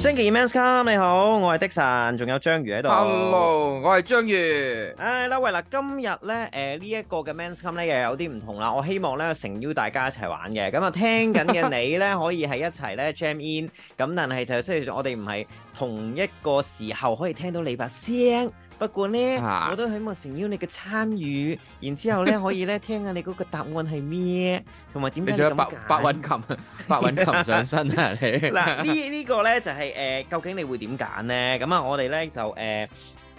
星期二 Men's Come 你好，我係 Dixon，仲有章魚喺度。Hello，我係章魚。哎啦喂，嗱今日咧，誒呢一個嘅 Men's Come 咧又有啲唔同啦。我希望咧誠邀大家一齊玩嘅，咁啊聽緊嘅你咧 可以係一齊咧 Jam in，咁但係就雖然我哋唔係同一個時候可以聽到你把聲。不過咧，啊、我都希望誠邀你嘅參與，然之後咧可以咧聽下你嗰個答案係咩，同埋點樣咁揀。你 白韻琴、白韻琴上身啊！ 你嗱、這個、呢呢個咧就係、是、誒、呃，究竟你會點揀咧？咁啊，我哋咧就誒。呃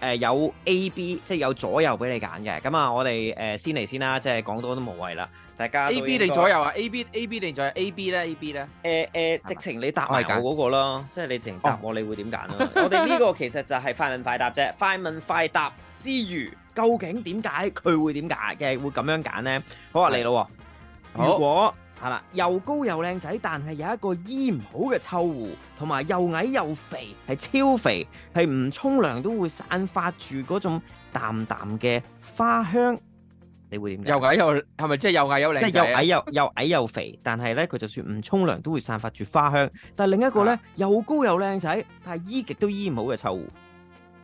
誒、呃、有 A、B 即係有左右俾你揀嘅，咁啊，我哋誒先嚟先啦，即係講多都無謂啦，大家。A、B 定左右啊？A、B、A, B, A B、A, B 定左右？A、B 咧？A、B 咧？誒誒，直情你答埋我嗰個咯，即係你直情答我，oh. 你會點揀咯？我哋呢個其實就係快問快答啫， 快問快答之餘，究竟點解佢會點解嘅會咁樣揀咧？好啊，嚟咯好，如果。係嘛？又高又靚仔，但係有一個醫唔好嘅臭狐，同埋又矮又肥，係超肥，係唔沖涼都會散發住嗰種淡淡嘅花香。你會點？又矮又係咪即係又矮又靚？即係又矮又又矮又肥，但係呢佢就算唔沖涼都會散發住花香。但係另一個呢又高又靚仔，但係醫極都醫唔好嘅臭狐。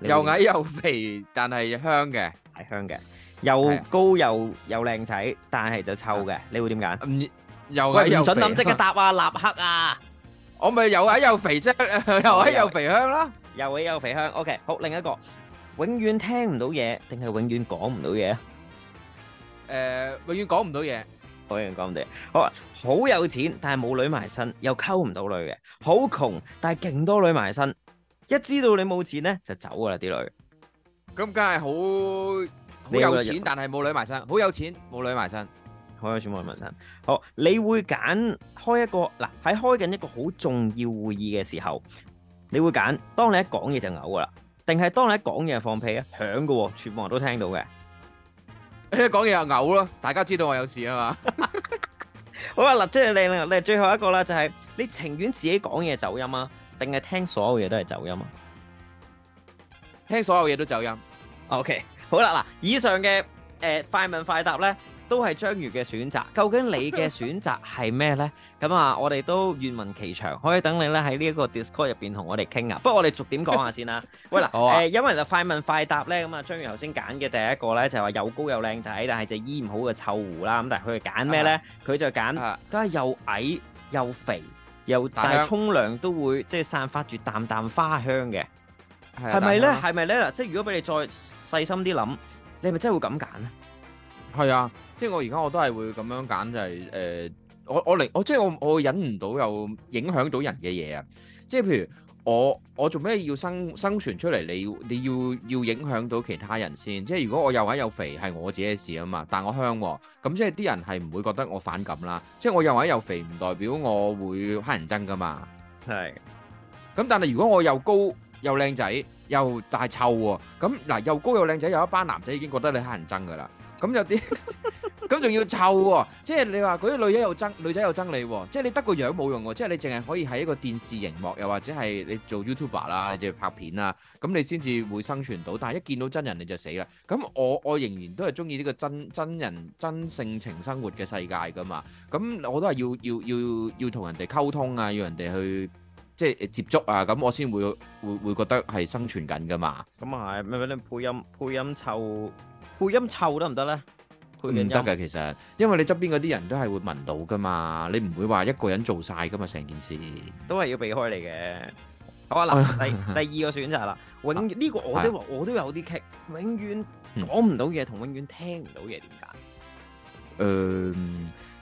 又矮又肥，但係係香嘅，係香嘅。又高又又靚仔，但係就臭嘅。你會點揀？唔。又矮又肥，唔准諗，即刻答啊！立克啊，我咪又矮又肥香，又矮又肥香啦！又矮又肥香，OK。好，另一個永遠聽唔到嘢，定係永遠講唔到嘢？誒，永遠講唔到嘢。永遠講唔到嘢。好啊，好有錢，但係冇女埋身，又溝唔到女嘅。好窮，但係勁多女埋身。一知道你冇錢咧，就走㗎啦啲女。咁梗係好，好有錢，但係冇女埋身。好有錢，冇女埋身。好，有全部人問題，好，你會揀開一個嗱、喺、啊、開緊一個好重要會議嘅時候，你會揀當你一講嘢就嘔噶啦，定係當你一講嘢就放屁啊響嘅，全部人都聽到嘅？講嘢又嘔咯，大家知道我有事啊嘛。 好啊，嗱，即係你你你最後一個啦，就係、是、你情願自己講嘢走音啊，定係聽所有嘢都係走音啊？聽所有嘢都走音。O、okay, K，好啦，嗱、啊，以上嘅誒、呃、快問快答咧。都係章魚嘅選擇，究竟你嘅選擇係咩咧？咁啊，我哋都願聞其詳，可以等你咧喺呢一個 Discord 入邊同我哋傾啊。不過我哋逐點講下先啦。喂嗱，誒，因為就快問快答咧，咁啊，章魚頭先揀嘅第一個咧就係話又高又靚仔，但係就醫唔好嘅臭狐啦。咁但係佢係揀咩咧？佢就揀梗係又矮又肥又大，但係沖涼都會即係散發住淡淡花香嘅。係咪咧？係咪咧？嗱，即係如果俾你再細心啲諗，你係咪真係會咁揀咧？係啊，即係我而家我都係會咁樣揀，就係、是、誒、呃，我我嚟，我，我即係我我忍唔到又影響到人嘅嘢啊！即係譬如我我做咩要生生存出嚟？你要你要要影響到其他人先。即係如果我又矮又肥，係我自己嘅事啊嘛。但我香喎、啊，咁即係啲人係唔會覺得我反感啦。即係我又矮又肥，唔代表我會乞人憎噶嘛。係是。咁但係如果我又高又靚仔又大臭喎、啊，咁嗱又高又靚仔，有一班男仔已經覺得你乞人憎噶啦。咁又啲，咁仲 要臭喎、哦！即係你話嗰啲女仔又憎女仔又憎你喎、哦！即、就、係、是、你得個樣冇用喎、哦！即、就、係、是、你淨係可以喺一個電視熒幕，又或者係你做 YouTuber 啦、啊，你仲拍片啦、啊，咁你先至會生存到。但係一見到真人你就死啦！咁我我仍然都係鍾意呢個真真人真性情生活嘅世界噶嘛！咁我都係要要要要同人哋溝通啊，要人哋去即係、就是、接觸啊，咁我先會會會覺得係生存緊噶嘛！咁啊係咩咩？你配音配音臭。配音臭得唔得咧？配音唔得嘅，其實，因為你側邊嗰啲人都係會聞到噶嘛，你唔會話一個人做晒噶嘛成件事，都係要避開你嘅。好啊，嗱，第第二個選擇啦，永遠呢個我都我都有啲劇，永遠講唔到嘢同永遠聽唔到嘢，點解？誒，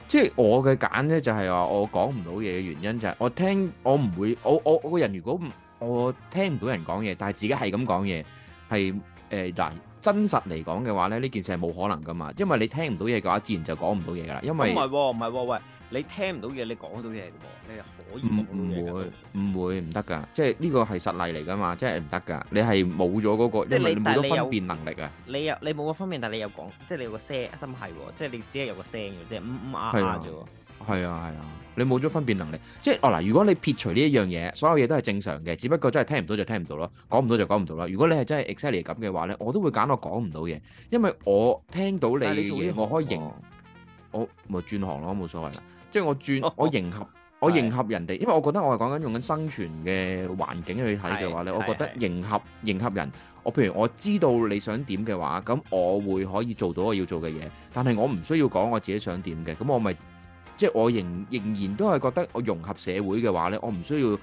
即係我嘅揀咧，就係話我講唔到嘢嘅原因就係我聽，我唔會，我我我個人如果唔我聽唔到人講嘢，但係自己係咁講嘢，係誒難。真實嚟講嘅話咧，呢件事係冇可能噶嘛，因為你聽唔到嘢嘅話，自然就講唔到嘢噶啦。因為唔係喎，唔係喎，喂，你聽唔到嘢，你講到嘢喎，你可以唔唔會唔會唔得㗎，即係呢個係實例嚟㗎嘛，即係唔得㗎，你係冇咗嗰個，即係你冇咗分辨能力啊。你有你冇個分辨，但係你有講，即係你有個聲，真係喎，即係你只係有個聲嘅即嗯嗯啊啊啫。係啊，係啊，你冇咗分辨能力，即係哦嗱。如果你撇除呢一樣嘢，所有嘢都係正常嘅，只不過真係聽唔到就聽唔到咯，講唔到就講唔到咯。如果你係真係 exactly 咁嘅話咧，我都會揀我講唔到嘢，因為我聽到你，我可以迎，哦、我咪轉行咯，冇所謂啦。即係我轉，我迎合，哦哦、我迎合人哋，是因為我覺得我係講緊用緊生存嘅環境去睇嘅話咧，是我覺得迎合，迎合人。我譬如我知道你想點嘅話，咁我會可以做到我要做嘅嘢，但係我唔需要講我自己想點嘅，咁我咪。即係我仍仍然都係覺得我融合社會嘅話咧，我唔需要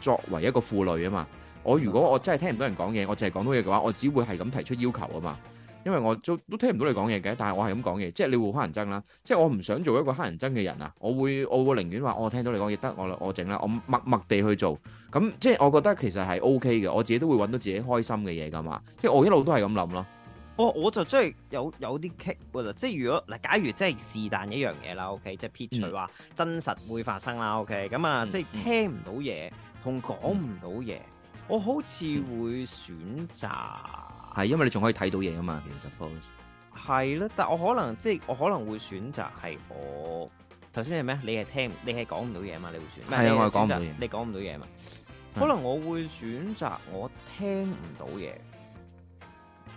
作為一個負累啊嘛。我如果我真係聽唔到人講嘢，我淨係講到嘢嘅話，我只會係咁提出要求啊嘛。因為我都都聽唔到你講嘢嘅，但係我係咁講嘢，即係你會黑人憎啦。即係我唔想做一個黑人憎嘅人啊。我會我會寧願話我聽到你講嘢得，我我整啦，我默默地去做。咁即係我覺得其實係 OK 嘅，我自己都會揾到自己開心嘅嘢噶嘛。即係我一路都係咁諗咯。哦，我就真係有有啲棘，即係如果嗱，假如真係是但一樣嘢啦，OK，即係撇除話真實會發生啦，OK，咁啊，嗯、即係聽唔到嘢同講唔到嘢，嗯、我好似會選擇係、嗯、因為你仲可以睇到嘢啊嘛，其實 suppose 係咯，但我可能即係我可能會選擇係我頭先係咩？你係聽你係講唔到嘢嘛，你會選係啊，我係、嗯嗯、講唔到嘢，你講唔到嘢嘛，可能我會選擇我聽唔到嘢。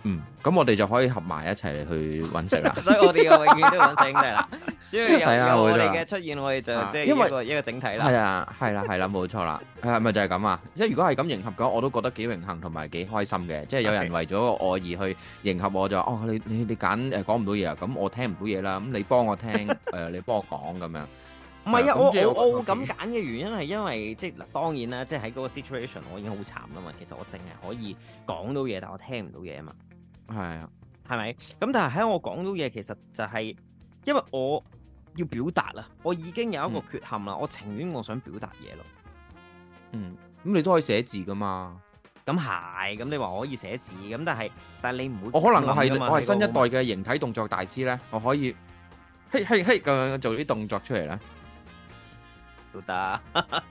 嗯，咁我哋就可以合埋一齊去揾食啦。 所以我哋又永遠都要揾食兄弟啦， 就是、因為有我哋嘅出現，我哋就即係一個一個整體啦。係啊，係啦，係啦，冇錯啦。係咪就係咁啊？因為如果係咁迎合我，我都覺得幾榮幸同埋幾開心嘅。即、就、係、是、有人為咗我而去迎合我就，就哦，你你你揀誒講唔到嘢啊，咁我聽唔到嘢啦，咁你幫我聽誒、 嗯，你幫我講咁樣。唔係啊，我我我會咁揀嘅原因係因為即係嗱，當然啦，即係喺嗰個 situation 我已經好慘噶嘛。其實我淨係可以講到嘢，但我聽唔到嘢啊嘛。係啊，係咪？咁但係喺我講到嘢，其實就係因為我要表達啦。我已經有一個缺陷啦，嗯，我情願我想表達嘢咯。嗯，咁你都可以寫字噶嘛？咁係，咁你話可以寫字，咁但係但係你唔會。我可能我係是我係新一代嘅形體動作大師咧，我可以，嘿嘿嘿咁樣做啲動作出嚟咧。都得，係啊，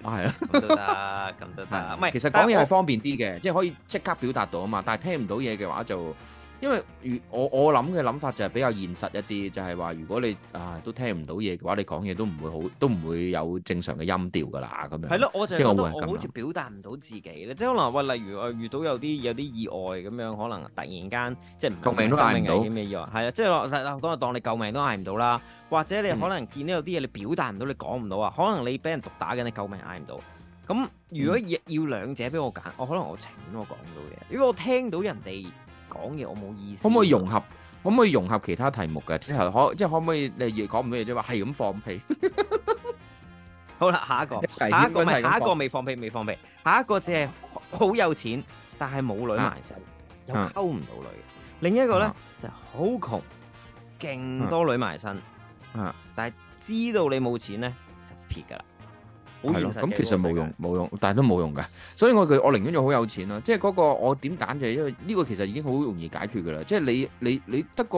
咁、啊、 都得，咁都得，唔係是，是其實講嘢係方便啲嘅，即係可以即刻表達到啊嘛，但係聽唔到嘢嘅話就。因為如我我諗嘅諗法就係比較現實一啲，就係話如果你啊都聽唔到嘢嘅話，你講嘢都唔會好，都唔會有正常嘅音調噶啦咁樣。係咯，我就覺得我好似表達唔到自己咧，即係可能喂，例如啊，遇到有啲有啲意外咁樣，可能突然間即係救命都捱唔到，嗌唔到啲咩意外。係啊，即係落實啦，當你當你救命都嗌唔到啦，或者你可能見到有啲嘢你表達唔到，你講唔到啊，可能你俾人毒打緊，你救命嗌唔到。咁如果要要兩者俾我揀，我可能我情願我講到嘢，如果我聽到人哋。講嘢我冇意思，可唔可以融合？可唔可以融合其他題目嘅？之後可即係可唔可以例如講唔到嘢，即係話係咁放屁？好啦，下一個，下一個未，下一個未放屁，未放屁。下一個就係好有錢，但係冇女埋身，又溝唔到女。另一個咧就係好窮，勁多女埋身，嗯，但係知道你冇錢咧就撇噶啦。咁的其實冇用冇界用，但係都冇用嘅，所以我佢我寧願要好有錢咯，即係嗰個我點揀就係因為呢個其實已經好容易解決嘅啦，即係你你你得個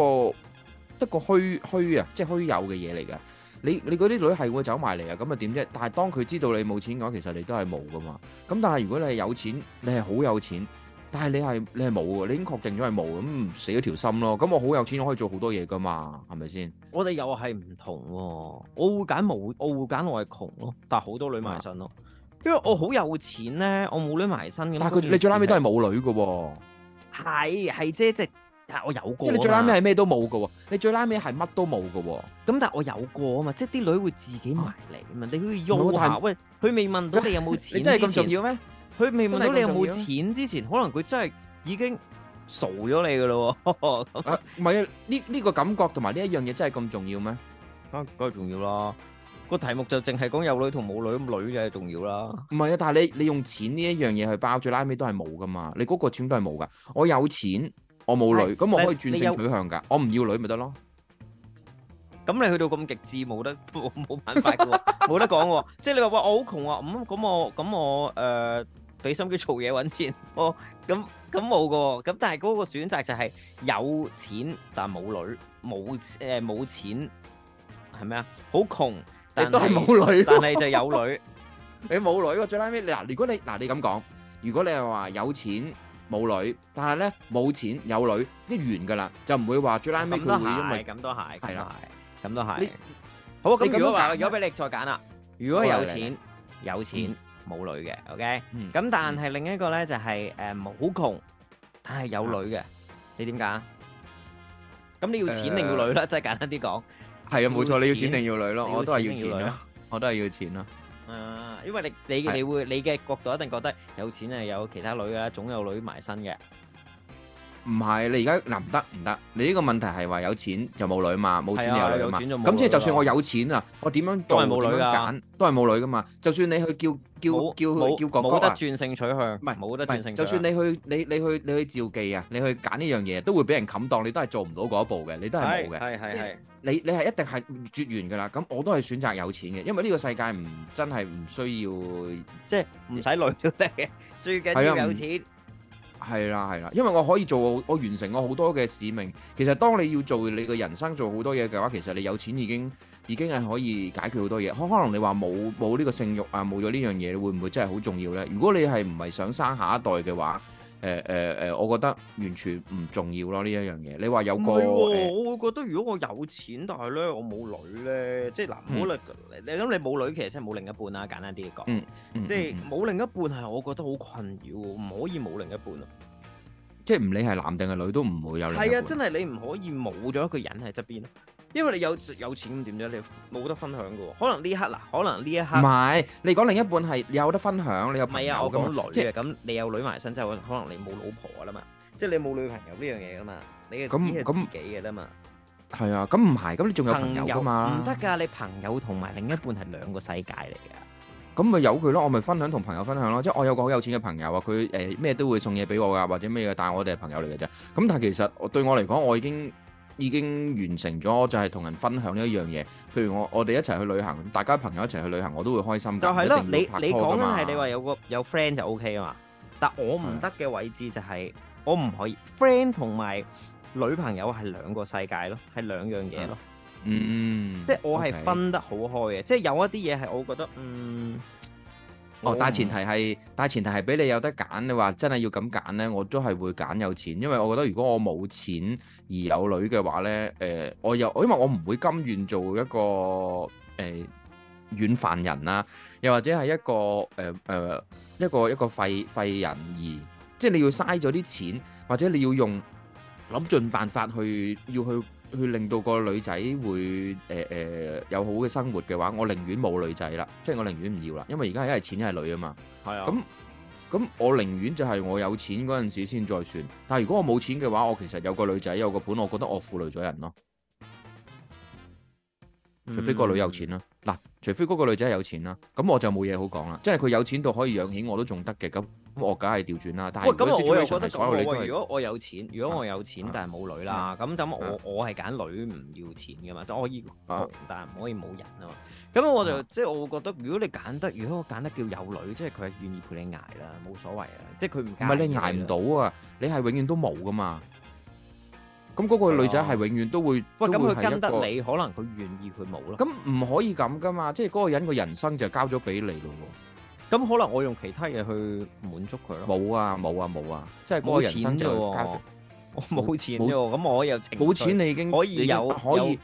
得個虛虛啊，即係虛有嘅嘢嚟嘅，你你嗰啲女係會走埋嚟啊，咁啊點啫？但係當佢知道你冇錢嘅話，其實你都係冇噶嘛，咁但係如果你係有錢，你係好有錢。但係你係你係冇啊，你已經確定咗係冇咁死咗條心咯。咁我好有錢，我可以做好多嘢噶嘛，係咪先？我哋又係唔同喎。我會揀冇，我會揀我係窮咯。但係好多女埋身咯，的因為我好有錢咧，我冇女埋身咁。但係佢你最拉尾都係冇女嘅喎。係係即係即係，但係、即係、我有過。即係你最拉尾係咩都冇嘅喎，你最拉尾係乜都冇嘅喎。咁但係我有過啊嘛，即係啲女會自己埋嚟，咁啊你可以用下是喂，佢未問到你有冇錢是，你真係咁重要咩？佢未問到你有冇錢之前，可能佢真係已經傻咗你噶咯。唔係啊，呢呢個感覺同埋呢一樣嘢，真係咁重要咩？啊，梗係重要啦。個題目就淨係講有女同冇女，咁女嘅重要啦。唔係啊，但係你你用錢呢一樣嘢去包住拉尾都係冇噶嘛？你嗰個錢都係冇噶。我有錢，我冇女，咁我可以轉性取向噶。我唔要女咪得咯。咁你去到咁極致，冇得冇冇辦法噶，冇得講噶。即係你話，哇！我好窮啊，咁咁我咁我誒。俾心機做嘢揾錢哦，咁咁冇噶，咁但係嗰個選擇就係有錢但冇女，冇誒冇錢係咩啊？好窮，窮但你都係冇女，但係就有女，啊是就是有女， 你冇女喎！最拉尾嗱，如果你嗱你咁講，如果你係話有錢冇女，但係咧冇錢有女，啲完噶啦，就唔會話最拉尾咩？咁多係，咁都係，咁都係。好，咁如果話如果俾你再揀啦，如果有錢，有錢。有錢嗯冇女嘅，OK，咁、嗯、但係另一個咧就係誒冇好窮，但係有女嘅，嗯、你點解？咁你要錢定要女啦，即係、呃、簡單啲講。係啊，冇錯，要錢你要錢定要女咯，要錢要女我都係要錢咯，我都係要錢咯。啊、嗯，因為你你你會你嘅角度一定覺得有錢啊，有其他女啊，總有女埋身嘅。唔係，你而家難得唔得？你呢個問題係話有錢就冇女嘛，冇錢就有女嘛。咁即係就算我有錢啊，我點樣做點樣揀都係冇女噶嘛。就算你去叫叫無叫叫哥哥，冇得轉性取向，唔係冇得轉性取向。就算你去你你去你去召妓啊，你去揀呢樣嘢，都會俾人冚檔，你都係做唔到嗰一步嘅，你都係冇嘅。係係係。你你係一定係絕緣噶啦。咁我都係選擇有錢嘅，因為呢個世界唔真係唔需要，即係唔使女都得嘅，最緊要有錢。係啦，係啦，因為我可以做，我完成我好多嘅使命。其實當你要做你嘅人生，做好多嘢嘅話，其實你有錢已經已經係可以解決好多嘢。可可能你話冇冇呢個性慾啊，冇咗呢樣嘢，會唔會真係好重要呢？如果你係唔係想生下一代嘅話？誒誒誒，我覺得完全唔重要咯呢一樣嘢。你話有個，有呃、我會覺得如果我有錢，但係咧我冇女咧，即係嗱，冇、呃嗯、女，你諗你冇女其實真係冇另一半啦，簡單啲講，嗯嗯嗯、即係冇另一半係我覺得好困擾，唔可以冇另一半啊，即係唔理係男定係女都唔會有另一半。係啊，真係你唔可以冇咗一個人喺側邊。因為你有有錢咁點樣，你冇得分享噶。可能呢一刻嗱，可能呢一刻唔係。你講另一半係你有得分享，你有朋友咁，即係咁你有女埋身之後可能你冇老婆啦嘛，即係你冇女朋友呢樣嘢噶嘛，你嘅嘢係自己嘅啫嘛。係啊，咁唔係，咁你仲有朋友噶嘛？唔得噶，你朋友同埋另一半係兩個世界嚟噶。咁咪由佢咯，我咪分享同朋友分享咯。即係我有個好有錢嘅朋友啊，佢誒咩都會送嘢俾我噶，或者咩嘅，但係我哋係朋友嚟嘅啫。咁但係其實對我嚟講，我已經。已經完成咗，就係同人分享呢一樣嘢。譬如我，我哋一齊去旅行，大家朋友一齊去旅行，我都會開心㗎。就係咯，你你講緊係你話有個有 friend 就 O K 啊嘛。但我唔得嘅位置就係，我唔可以 friend 同埋女朋友係兩個世界咯，係兩樣嘢咯。嗯，即係我係分得好開嘅，即係有一啲嘢係我覺得嗯。哦，但、oh，前提係，但前提係俾你有得揀。你話真係要咁揀呢？我都係會揀有錢，因為我覺得如果我冇錢而有女嘅話呢，誒、呃，我又因為我唔會甘願做一個誒、呃、軟飯人啦，又或者係一個誒誒、呃、一個一個廢廢人而，而即係你要嘥咗啲錢，或者你要用諗盡辦法去要去。去令到個女仔會誒誒、呃呃、有好嘅生活嘅話，我寧願冇女仔啦，即係我寧願唔要啦，因為而家一係錢一係女啊嘛。係啊的。咁咁，我寧願就係我有錢嗰陣時先再算。但如果我冇錢嘅話，我其實有個女仔有個本，我覺得我負累咗人咯。除非個女有錢咯。嗯除非嗰個女仔有錢啦，咁我就冇嘢好講啦。即係佢有錢到可以養起我都仲得嘅。咁咁我梗係調轉啦。但係，喂，如果我又覺得，如果我有錢，如果我有錢、啊、但係冇女啦，咁咁我我係揀女唔要錢噶嘛，就可以、啊、但係唔可以冇人啊嘛。咁我就、啊、即係我會覺得，如果你揀得，如果我揀得叫有女，即係佢係願意陪你捱啦，冇所謂啊。即係佢唔唔係你捱唔到啊，你係永遠都冇噶嘛。咁嗰個女仔係永遠都會，都喂，咁佢跟得你，可能佢願意佢冇咯。咁唔可以咁噶嘛？即係嗰個人嘅人生就交咗俾你咯。咁可能我用其他嘢去滿足佢咯。冇啊，冇啊，冇啊，即係嗰個人生就交。我冇錢啫，咁我又整冇錢，你已經可以有可以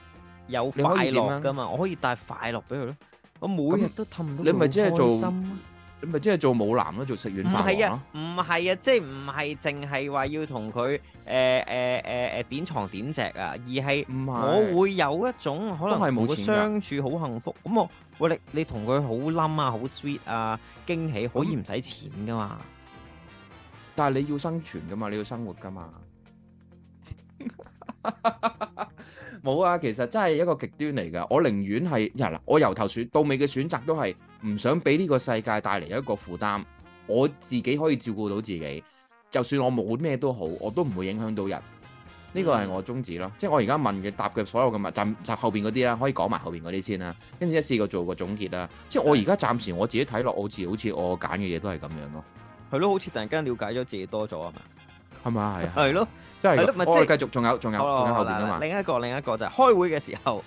有快樂噶嘛？我可以帶快樂俾佢咯。我每日都氹到你咪即係做心。你咪即係做舞男咯，做食軟飯咯，唔係啊，唔係啊，即係唔係淨係話要同佢誒誒誒誒點床點席啊，而係、唔係啊、我會有一種可能，我相處好幸福。咁我喂你，你同佢好冧啊，好 sweet 啊，驚喜可以唔使錢噶嘛？但係你要生存噶嘛，你要生活噶嘛？冇 啊，其實真係一個極端嚟噶，我寧願係，係我由頭選到尾嘅選擇都係。唔想俾呢個世界帶嚟一個負擔，我自己可以照顧到自己，就算我冇咩都好，我都唔會影響到人。呢個係我宗旨咯，即係我而家問嘅答嘅所有嘅問題，就就後邊嗰啲啦，可以講埋後邊嗰啲先啦，跟住一試過做個總結啦。即係我而家暫時我自己睇落，好似好似我揀嘅嘢都係咁樣咯。係咯，好似突然間了解咗自己多咗啊？係咪啊？係啊。係咯，即係，係咯，咪即係繼續，仲有，仲有，仲有後邊啦。另一個，另一個就係開會嘅時候。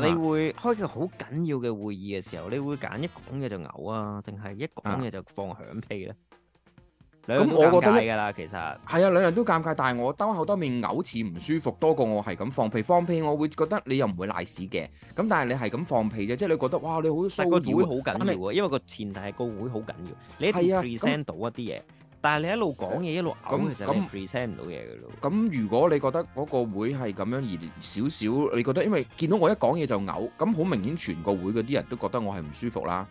你會開個好緊要嘅會議嘅時候，你會揀一講嘢就嘔啊，定係一講嘢就放響屁咧？咁、啊、我覺得係噶啦，其實係啊，兩樣都尷尬，但係我兜口多面，兜口兜面嘔似唔舒服多過我係咁放屁放屁，放屁我會覺得你又唔會賴屎嘅。咁但係你係咁放屁嘅，即係你覺得哇，你好。個會好緊要啊，是因為個前提係個會好緊要，是你一定要 present 到一啲嘢。但係你一路講嘢一路嘔，咁你就 present 唔到嘢嘅咯。咁如果你覺得嗰個會係咁樣而少少，你覺得因為見到我一講嘢就嘔，咁好明顯全個會嗰啲人都覺得我係唔舒服啦。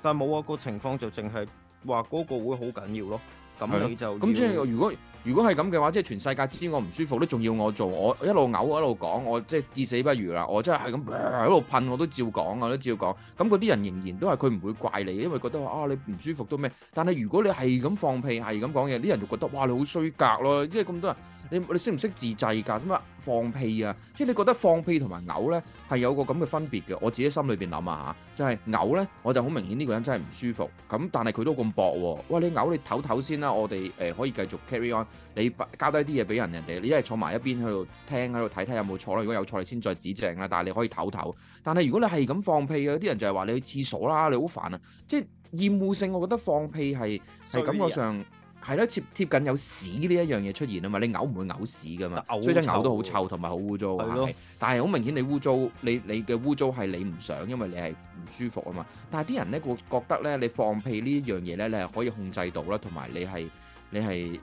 但冇啊，個情況就淨係話嗰個會好緊要咯。咁咁即係如果如果係咁嘅話，即係全世界知我唔舒服，都仲要我做，我一路嘔一路講，我即係至死不渝啦，我真係係咁喺度噴，我都照講，我都照講。咁嗰啲人仍然都係佢唔會怪你，因為覺得啊你唔舒服都咩？但係如果你係咁放屁，係咁講嘢，啲人就覺得哇你好衰格咯，即係咁多人。你你識唔識自制㗎？咁啊放屁啊！即係你覺得放屁同埋嘔咧係有個咁嘅分別嘅。我自己心裏邊諗啊嚇，就係、是、嘔咧，我就好明顯呢個人真係唔舒服。咁但係佢都咁薄喎、啊。喂，你嘔你唞唞先啦。我哋誒可以繼續 carry on。你交低啲嘢俾人，人哋你一係坐埋一邊喺度聽，喺度睇睇有冇錯啦。如果有錯，你先再指正啦。但係你可以唞唞。但係如果你係咁放屁嘅，有啲人就係話你去廁所啦。你好煩啊！即係厭惡性，我覺得放屁係係、啊、感覺上。係囉，貼貼緊有屎呢一樣嘢出現啊嘛，你嘔唔會嘔屎㗎嘛，所以真係嘔都好臭同埋好污糟，係。的的但係好明顯你污糟，你你嘅污糟係你唔想，因為你係唔舒服啊嘛。但係啲人咧會覺得咧，你放屁呢一樣嘢咧，你係可以控制到啦，同埋你係你係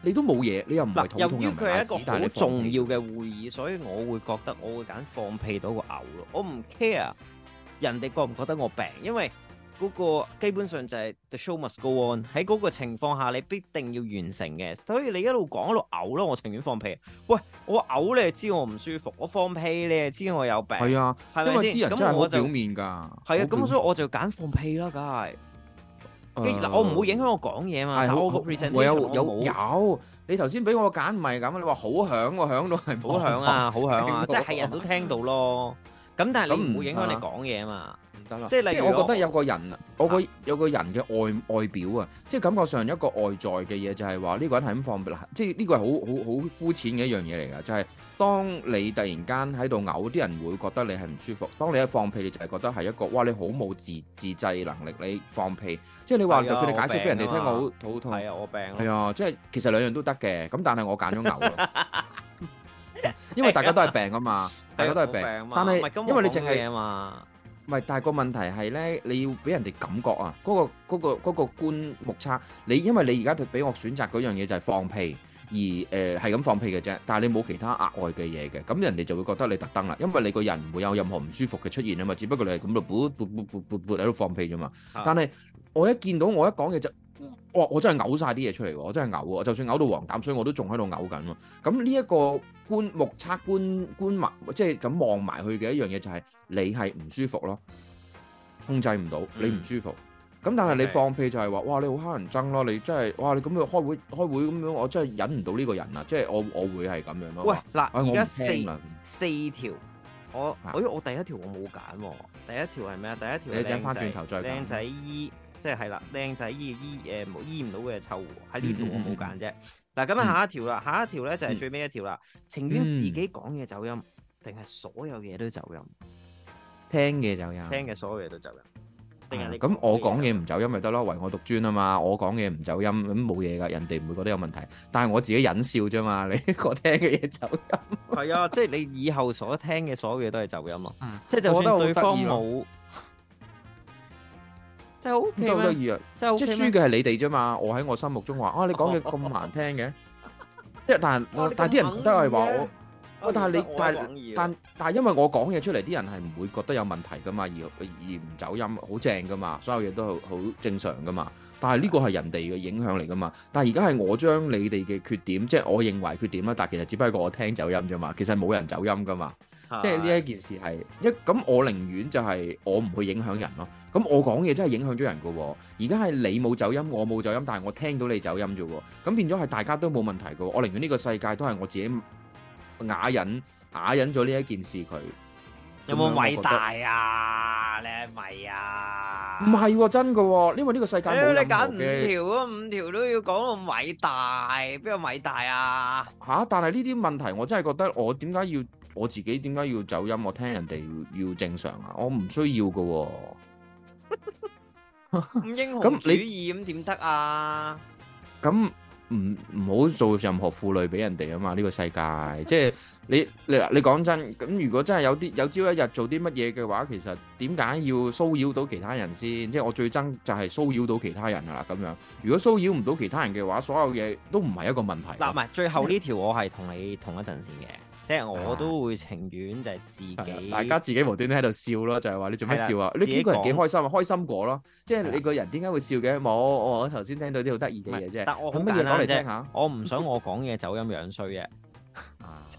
你都冇嘢，你又唔係、呃。由於佢係一個好重要嘅會議，所以我會覺得我會揀放屁多過嘔咯，我唔 care 人哋覺唔覺得我病，因為。嗰個基本上就係 The show must go on，喺嗰個情況下你必定要完成嘅。所以你一路講一路嘔咯，我情願放屁。喂，我嘔你係知我唔舒服，我放屁你係知我有病。係啊，因為啲人真係好表面㗎。係啊，咁所以我就揀放屁啦，梗係。嗱，我唔會影響我講嘢嘛。有有有，你頭先俾我揀唔係咁，你話好響喎，響到係好響啊，好響啊，即係人都聽到咯。咁但係你唔會影響你講嘢嘛。即係我覺得有個人啊，我個有個人嘅外外表啊，即係感覺上一個外在嘅嘢，這個，就係話呢個人係咁放即係呢個係好好好膚淺嘅一樣嘢嚟㗎，就係當你突然間喺度嘔，啲人會覺得你係唔舒服；當你一放屁，你就係覺得係一個哇，你好冇自自制能力，你放屁。即係你話，的就算你解釋俾人哋聽，我好肚痛。係啊，我病。係啊，即係其實兩樣都得嘅，咁但係我揀咗嘔， 因為大家都係病啊嘛， 的大家都係病，的但係因為你淨係。唔係，但係個問題係咧，你要俾人哋感覺啊，嗰個嗰個嗰個觀目測，你因為你而家佢俾我選擇嗰樣嘢就係放屁，而誒係咁放屁嘅啫，但係你冇其他額外嘅嘢嘅，咁人哋就會覺得你特登啦，因為你個人唔會有任何唔舒服嘅出現啊嘛，只不過你係咁噥噥喺度放屁啫嘛，但係我一見到我一講嘅就。我我真係嘔晒啲嘢出嚟喎！我真係嘔喎，就算嘔到黃疸水，我都仲喺度嘔緊喎。咁呢一個觀目測觀觀埋，即係咁望埋去嘅一樣嘢就係、是、你係唔舒服咯，控制唔到，你唔舒服。咁、嗯、但係你放屁就係話、嗯 okay. 哇你好乞人憎咯，你真係哇你咁樣開會開會咁樣，我真係忍唔到呢個人啊！即、就、係、是、我我會係咁樣咯。喂嗱，而家、哎、四四條，我、哎、我第一條我冇揀，第一條係咩啊？第一條，第一條，第一條你揀翻轉頭再揀靚仔 E。即係啦，靚仔醫醫誒，醫唔到嘅就湊喺呢條，我冇揀啫。嗱，咁啊，下一條啦，下一條咧就係最尾一條啦。情願自己講嘢走音，定係所有嘢都走音？聽嘢走音，聽嘅所有嘢都走音，定係你？咁我講嘢唔走音咪得咯，唯我獨尊啊嘛！我講嘢唔走音咁冇嘢噶，人哋唔會覺得有問題。但係我自己忍笑啫嘛，你講聽嘅嘢走音？係啊，即係你以後所聽嘅所有嘢都係走音咯。嗯，即係就算對方冇。都得意啊！即係輸嘅係你哋啫嘛。我喺我心目中話啊，你講嘢咁難聽嘅，即但係、 啊、但係啲人都係話我。啊、但係你但係但係，因為我講嘢出嚟，啲人係唔會覺得有問題噶嘛，而而唔走音，好正噶嘛。所有嘢都係好正常噶嘛。但係呢個係人哋嘅影響嚟噶嘛。但係而家係我將你哋嘅缺點，即係我認為缺點啦。但係其實只不過我聽走音啫嘛。其實冇人走音噶嘛。的即係呢一件事係一咁，我寧願就係我唔去影響人咯。咁我講嘢真係影響咗人噶，而家係你冇走音，我冇走音，但係我聽到你走音啫喎。咁變咗係大家都冇問題噶。我寧願呢個世界都係我自己啞忍啞忍咗呢一件事，佢有冇偉大啊？你係咪啊？唔係真噶，因為呢個世界冇你揀五條啊，五條都要講到偉大，邊個偉大啊？吓！但係呢啲問題我真係覺得，我點解要我自己，點解要走音？我聽人哋要正常啊，我唔需要噶。咁英雄主義咁點得啊？咁唔唔好做任何負累俾人哋啊嘛！呢個世界即係你你你講真，咁如果真係有啲有朝一日做啲乜嘢嘅話，其實點解要騷擾到其他人先？即係我最憎就係騷擾到其他人啦。咁樣如果騷擾唔到其他人嘅話，所有嘢都唔係一個問題。嗱，唔係最後呢條我係同你同一陣線嘅。即係我都會情願就係自己，大家自己無端端喺度笑咯，就係話你做咩笑啊？你呢幾個人幾開心啊？開心過咯，即係你個人點解會笑嘅？冇，我頭先聽到啲好得意嘅嘢啫。咁咩嘢講嚟聽吓？我唔想我講嘢走音樣衰嘅，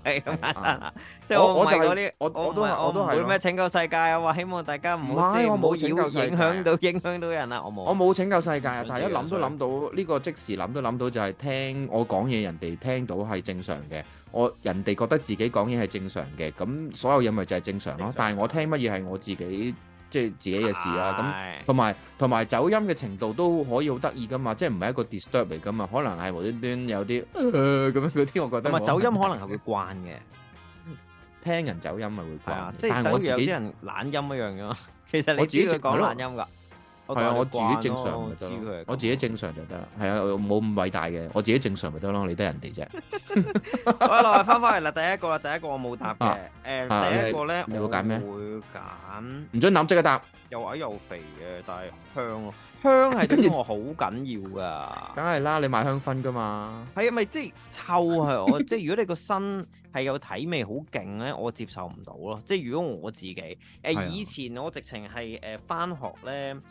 係咁，即係我我就係嗰啲，我我都我都係冇咩拯救世界啊！話希望大家唔好，我冇影響到影響到人啦，我冇，我冇拯救世界啊！但係一諗都諗到呢個即時諗都諗到，就係聽我講嘢，人哋聽到係正常嘅。我人哋覺得自己講嘢係正常嘅，咁所有嘢咪就係正常咯。但係我聽乜嘢係我自己，即係自己嘅事啦。咁同埋同埋走音嘅程度都可以好得意㗎嘛，即係唔係一個 disturb 嚟㗎嘛？可能係無端端有啲咁樣嗰啲，我覺得。同埋走音可能係會慣嘅，聽人走音咪會慣。即係等於有啲人懶音一樣嘅，其實我主要講懶音㗎。係啊，我,我自己正常咪得咯，我自己正常就得啦。係啊，冇咁偉大嘅，我自己正常咪得咯，理得人哋啫。好啦，翻翻嚟啦，第一個啦，第一個我冇答嘅。誒，第一個咧，你會揀咩？會揀？ 唔准諗，即刻答。又矮又肥嘅，但係香哦，香係對我好緊要噶。梗係啦，你買香薰噶嘛？係啊，咪即係臭係我，即係如果你個身係有體味好勁咧，我接受唔到咯。即係如果我自己，誒、呃，的以前我直情係誒翻學咧。呢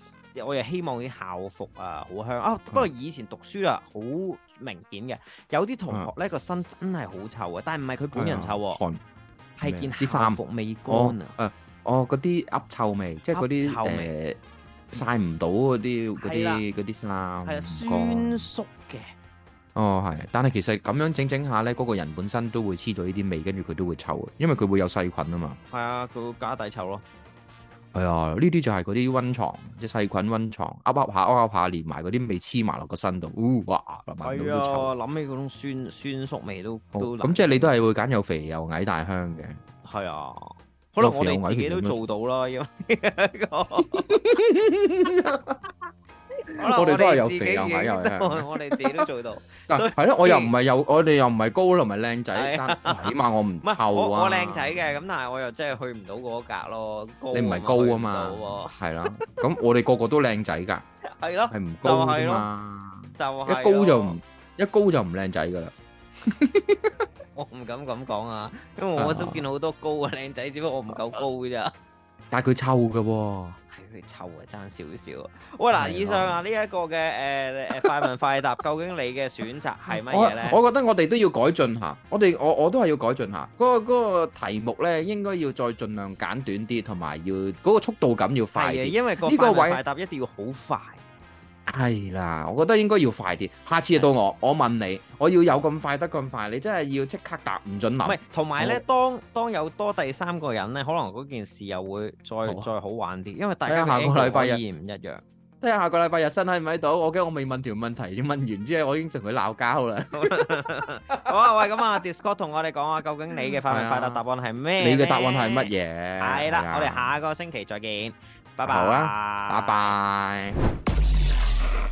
我又希望啲校服啊好香啊！不過以前讀書啊好明顯嘅，有啲同學咧個、啊、身真係好臭，臭啊，但係唔係佢本人臭喎，係件衫未乾啊！哦、啊，嗰啲噏臭味，即係嗰啲誒曬唔到嗰啲嗰啲嗰啲衫，酸縮嘅。哦，係、啊，但係其實咁樣整整下咧，嗰、那個人本身都會黐到呢啲味，跟住佢都會臭嘅，因為佢會有細菌啊嘛。係啊，佢會加底臭咯、啊。係 啊，呢啲就係嗰啲溫床，即細菌溫床，噏噏下噏噏下，連埋嗰啲未黐埋落個身度，哇！係冇錯啊，諗 起嗰種酸酸慄味都都咁，即係你都係會揀又肥又矮大香嘅。係啊，可能我哋自己都做到啦， 我哋都係有肥有埋，係咪？我哋自己都做到。但係咧，我又唔係又，我哋又唔係高同埋靚仔，起碼我唔臭啊！我靚仔嘅，咁但係我又真係去唔到嗰格咯。你唔係高啊嘛，係啦。咁我哋個個都靚仔噶，係咯，係唔高啊嘛，就係一高就唔一高就唔靚仔噶啦。我唔敢咁講啊，因為我都見好多高嘅靚仔，只不過我唔夠高嘅啫。但係佢臭噶。抽啊，爭少少。啊。喂，嗱，以上啊呢一個嘅誒誒快問快答，究竟你嘅選擇係乜嘢咧？我覺得我哋都要改進下，我哋我我都係要改進下。嗰個嗰個題目咧，應該要再盡量簡短啲，同埋要嗰個速度感要快啲。因為呢個位，快答一定要好快。係啦，我覺得應該要快啲。下次到我，我問你，我要有咁快得咁快，你真係要即刻答，唔準諗。唔係，同埋咧，當當有多第三個人咧，可能嗰件事又會再再好玩啲，因為大家經歷經驗唔一樣。聽下下個禮拜日身喺唔喺度，我驚我未問條問題，問完之後我已經同佢鬧交啦。好啊，喂，咁啊，Discord 同我哋講下，究竟你嘅快問快答答案係咩？你嘅答案係乜嘢？係啦，我哋下個星期再見，拜拜。好啊，拜拜。